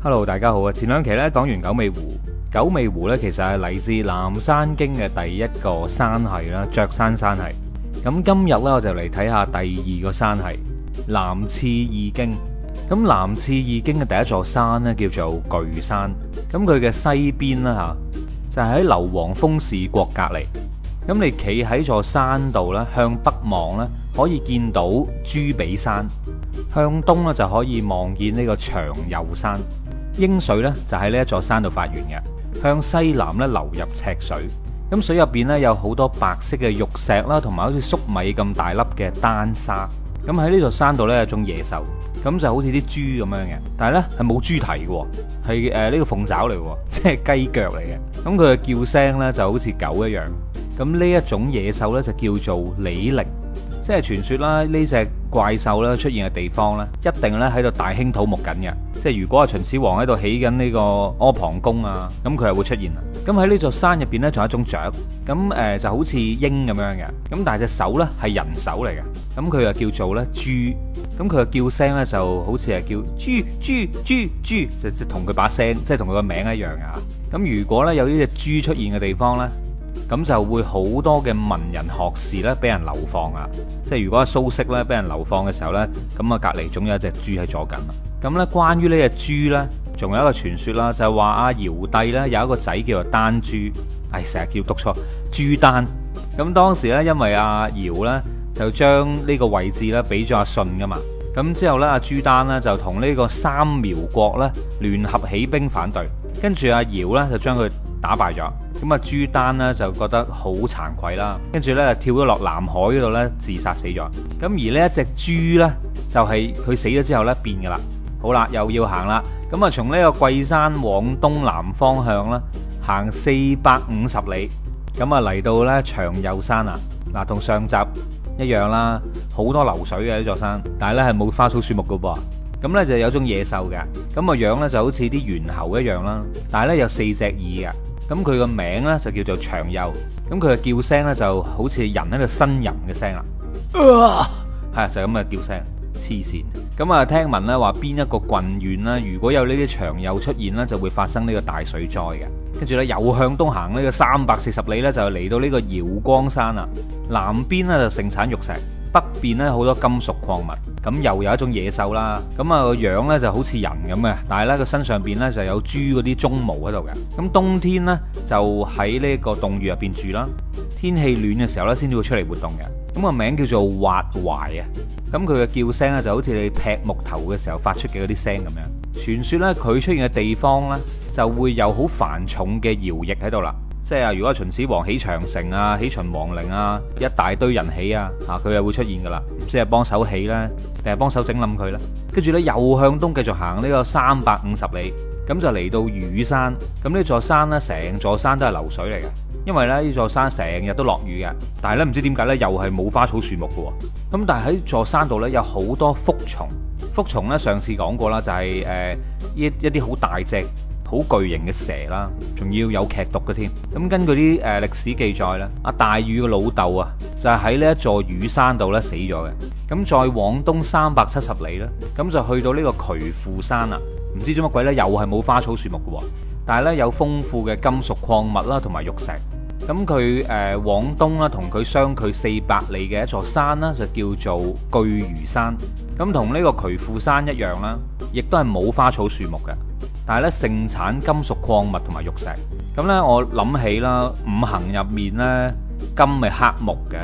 Hello，大家好啊！前兩期咧講完九尾湖，九尾湖咧其實係嚟自《南山經》嘅第一個山系啦，雀山山系。咁今日咧我就嚟睇下第二個山系，南次二經。咁南次二經嘅第一座山咧叫做巨山。咁佢嘅西邊啦吓，就喺流黃風氏國隔籬。咁你企喺座山度咧，向北望咧可以見到朱比山；向東咧就可以望見呢個長右山。英水咧就喺呢一座山度發源嘅，向西南咧流入赤水。咁水入邊咧有好多白色嘅玉石啦，同埋好似粟米咁大粒嘅丹砂。咁喺呢座山度咧有種野獸，咁就好似啲豬咁樣嘅，但係咧係冇豬蹄嘅，係誒呢個鳳爪嚟，即係雞腳嚟嘅。咁佢嘅叫聲咧就好似狗一樣。咁呢一種野獸咧就叫做李力。即係傳說啦，呢隻怪獸咧出現嘅地方咧，一定咧喺度大興土木緊嘅。即係如果係秦始皇喺度起緊呢個阿房宮啊，咁佢係會出現啦。咁喺呢座山入邊咧，仲有一種雀，咁誒、呃、就好似鷹咁樣嘅。咁但係隻手咧係人手嚟嘅，咁佢又叫做咧豬，咁佢嘅叫聲咧就好似係叫豬豬豬豬，就同佢把聲即係同佢個名一樣嘅吓。咁如果咧有呢隻豬出現嘅地方咧，咁就會好多嘅文人學士呢俾人流放啊！即係如果蘇軾呢俾人流放嘅時候、嗯、呢，咁啊隔離總有一隻豬喺左近。咁呢關於呢隻豬呢，仲有一個傳說啦，就係話阿堯帝呢有一個仔叫做丹朱，唉，成日叫讀錯朱丹。咁、嗯、當時呢，因為阿、啊、堯呢就將呢個位置呢俾咗阿舜噶嘛，咁之後呢，阿、啊、朱丹呢就同呢個三苗國呢聯合起兵反對，跟住阿堯呢就將佢，打敗咗，咁啊朱丹呢就覺得好慚愧啦，跟住咧跳咗落南海嗰度呢，自殺死咗。咁而呢一隻豬呢，就係佢死咗之後呢變噶啦。好啦，又要行啦。咁啊從呢個桂山往東南方向咧行四百五十里，咁啊嚟到呢長右山啊嗱，同上集一樣啦，好多流水嘅呢座山，但係呢係冇花草樹木噶噃。咁呢就有種野獸嘅，咁啊樣呢就好似啲猿猴一樣啦，但係呢有四隻耳嘅。咁佢個名呢就叫做長幼，咁佢嘅叫聲呢就好似人喺度呻吟嘅聲啦，係、呃、就咁嘅叫聲，黐線。咁啊，聽聞呢話邊一個郡縣呢，如果有呢啲長幼出現呢，就會發生呢個大水災嘅。跟住呢，又向東行呢個三百四十里呢，就嚟到呢個瑤光山啦。南邊呢，就盛產玉石。北邊咧，好多金屬礦物，咁又有一種野獸啦，咁啊個樣咧，就好似人咁嘅，但係咧，個身上邊咧，就有豬嗰啲鬃毛喺度嘅，咁冬天咧，就喺呢個洞穴入邊住啦，天氣暖嘅時候咧，先至會出嚟活動嘅，咁個名叫做滑壞啊，咁佢嘅叫聲咧，就好似你劈木頭嘅時候發出嘅嗰啲聲咁樣，傳說咧，佢出現嘅地方咧，就會有好繁重嘅徭役喺度啦。即係如果秦始皇起長城啊，起秦皇陵啊，一大堆人起啊，吓佢啊就會出現噶啦，唔知係幫手起咧，定係幫手整冧佢咧？跟住呢，又向東繼續行呢個三百五十里，咁就嚟到雨山。咁呢座山呢，成座山都係流水嚟嘅，因為咧呢座山成日都落雨嘅。但係呢，唔知點解呢，又係冇花草樹木嘅。咁但係喺座山度呢，有好多蝮蟲。蝮蟲呢，上次講過啦，就係、是、誒、呃、一一啲好大隻。好巨型嘅蛇啦，仲要有劇毒嘅添。咁根據啲誒、呃、歷史記載咧，阿大禹嘅老豆啊，爸爸就係喺呢一座雨山度咧死咗嘅。咁再往東三百七十里呢，咁就去到呢個渠富山啦。唔知做乜鬼呢？又係冇花草樹木嘅，但係呢，有豐富嘅金屬礦物啦，同埋玉石。咁佢誒往東啦，同佢相距四百里嘅一座山咧，就叫做巨魚山。咁同呢個渠富山一樣啦，亦都係冇花草樹木嘅。但係咧，盛產金屬礦物同埋玉石。咁咧，我諗起啦，五行入面咧，金係黑木嘅。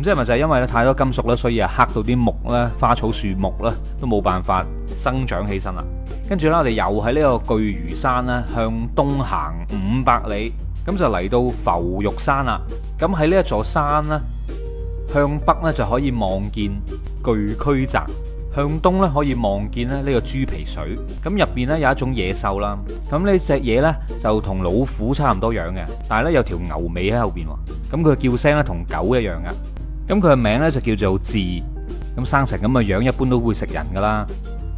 唔知係咪就係因為咧太多金屬咧，所以啊，黑到啲木咧、花草樹木咧都冇辦法生長起身啦。跟住咧，我哋又喺呢個巨魚山咧，向東行五百里，咁就嚟到浮玉山啦。咁喺呢一座山咧，向北咧就可以望見巨區澤。向東咧可以望見咧呢個豬皮水，咁入邊咧有一種野獸啦，咁呢隻嘢咧就同老虎差唔多樣嘅，但係咧有條牛尾喺後邊喎，咁佢嘅叫聲咧同狗一樣嘅，咁佢嘅名咧就叫做彘，咁生成咁嘅樣一般都會食人噶啦，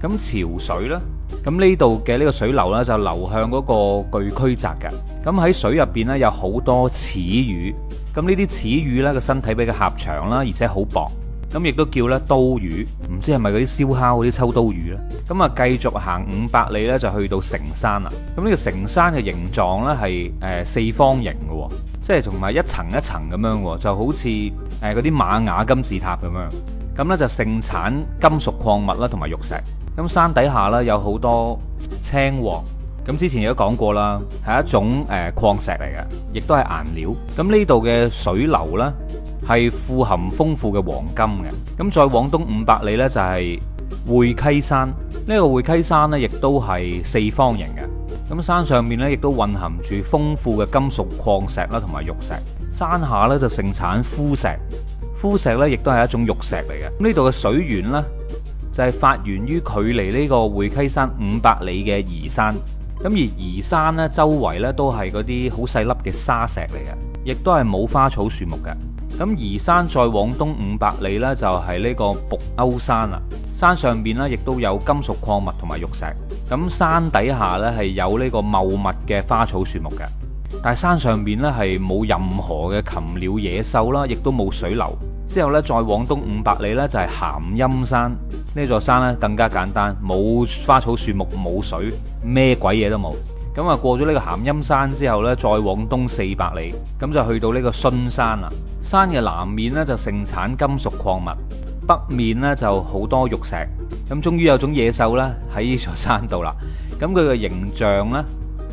咁潮水咧，咁呢度嘅呢個水流咧就流向嗰個具區澤嘅，咁喺水入邊咧有好多齒魚，咁呢啲齒魚咧個身體比較狹長啦，而且好薄。咁亦都叫咧刀魚，唔知係咪嗰啲燒烤嗰啲秋刀魚咧？咁啊，繼續行五百里咧，就去到成山啦。咁呢個成山嘅形狀咧，係誒、呃、四方形嘅、哦，即係同埋一層一層咁樣，就好似誒嗰啲瑪雅金字塔咁樣。咁咧就盛產金屬礦物啦，同埋玉石。咁山底下咧有好多青黃。咁之前有講過啦，係一種誒、呃、礦石嚟嘅，亦都係顏料。咁呢度嘅水流咧。係富含豐富嘅黃金嘅。咁再往東五百里呢，就係會溪山。呢個會溪山呢，亦都係四方形嘅。咁山上面呢，亦都混含住豐富嘅金屬礦石啦，同埋玉石。山下呢，就盛產枯石，枯石呢，亦都係一種玉石嚟嘅。咁呢度嘅水源呢，就係發源於距離呢個會溪山五百里嘅夷山。咁而夷山呢，周圍呢，都係嗰啲好細粒嘅沙石嚟嘅，亦都係冇花草樹木嘅。咁夷山再往東五百里呢，就係呢個僕勾山啦。山上邊呢，亦都有金屬礦物同埋玉石。咁山底下呢，係有呢個茂密嘅花草樹木嘅。但係山上邊呢，係冇任何嘅禽鳥野獸啦，亦都冇水流。之後呢，再往東五百里呢，就係咸陰山。呢座山呢，更加簡單，冇花草樹木，冇水，咩鬼嘢都冇。咁啊，過咗呢個咸陰山之後咧，再往東四百里，咁就去到呢個信山啦。山嘅南面咧，就盛產金屬礦物，北面咧，就好多玉石。咁終於有種野獸咧喺呢座山度啦。咁佢嘅形象咧，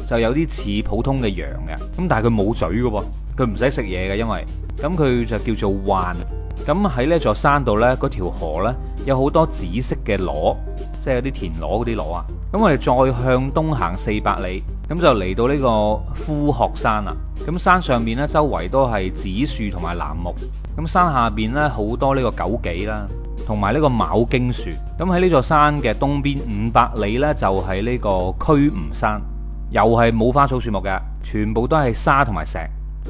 就有啲似普通嘅羊嘅，咁但係佢冇嘴噶噃，佢唔使食嘢嘅，因為咁佢就叫做幻。咁喺呢座山度咧，嗰條河咧有好多紫色嘅螺，即係啲田螺嗰啲螺啊。咁我哋再向東行四百里。咁就嚟到呢個枯鶴山啦，咁山上面呢，周圍都係紫樹同埋楠木，咁山下邊呢，好多呢個枸杞啦，同埋呢個牡荊樹。咁喺呢座山嘅東邊五百里呢，就係、是、呢個區吳山，又係冇花草樹木嘅，全部都係沙同埋石，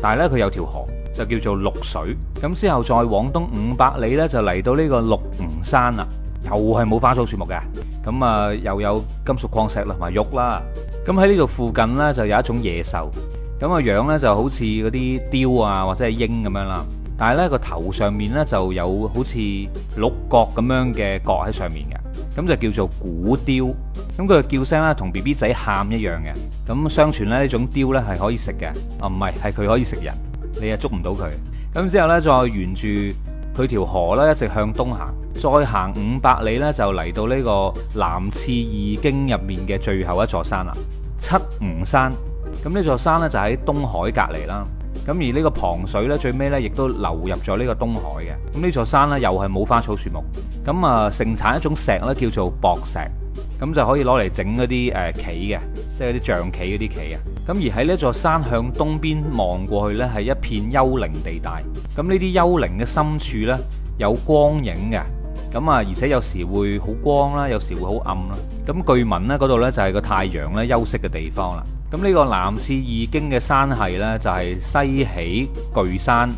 但係呢，佢有條河就叫做綠水。咁之後再往東五百里呢，就嚟到呢個鹿吳山啦，又係冇花草樹木嘅，咁啊又有金屬礦石啦同埋玉啦。咁喺呢度附近呢，就有一種野獸，咁個樣呢，就好似嗰啲雕啊或者係鷹咁樣啦，但係呢個頭上面呢，就有好似鹿角咁樣嘅角喺上面嘅，咁就叫做古雕。咁佢嘅叫聲咧同 B B 仔喊一樣嘅，咁相傳咧呢種雕呢，係可以食嘅，啊唔係，係佢可以食人，你又捉唔到佢。咁之後呢，再沿住。佢條河咧一直向東行，再行五百里咧就嚟到呢個南次二經入面嘅最後一座山啦，七吳山。咁呢座山咧就喺東海隔離啦。咁而呢個旁水咧最尾咧亦都流入咗呢個東海嘅。咁呢座山咧又係冇花草樹木，咁啊盛產一種石咧叫做薄石。咁就可以攞嚟整嗰啲誒棋嘅，即係啲象棋嗰啲棋啊。咁而喺呢座山向東邊望過去呢，係一片幽靈地帶。咁呢啲幽靈嘅深處呢，有光影嘅，咁啊而且有時會好光啦，有時會好暗啦。咁據聞呢嗰度呢，就係個太陽咧休息嘅地方啦。咁呢個南次二經嘅山系呢，就係西起巨山，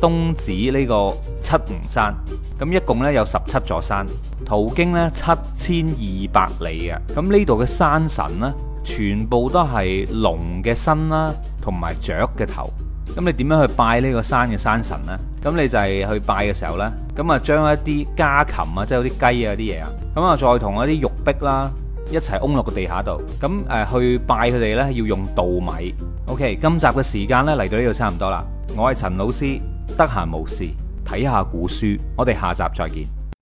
東止呢個七梧山。咁一共咧有十七座山，途經咧七千二百里嘅。咁呢度嘅山神呢，全部都係龍嘅身啦，同埋雀嘅頭。咁你點樣去拜呢個山嘅山神呢？咁你就係去拜嘅時候呢，咁啊將一啲家禽啊，即係啲雞啊啲嘢啊，咁啊再同一啲玉璧啦一齊安落個地下度。咁誒去拜佢哋呢，要用稻米。OK，今集嘅時間呢，嚟到呢度差唔多啦。我係陳老師，得閒無事，睇下古書，我哋下集再見。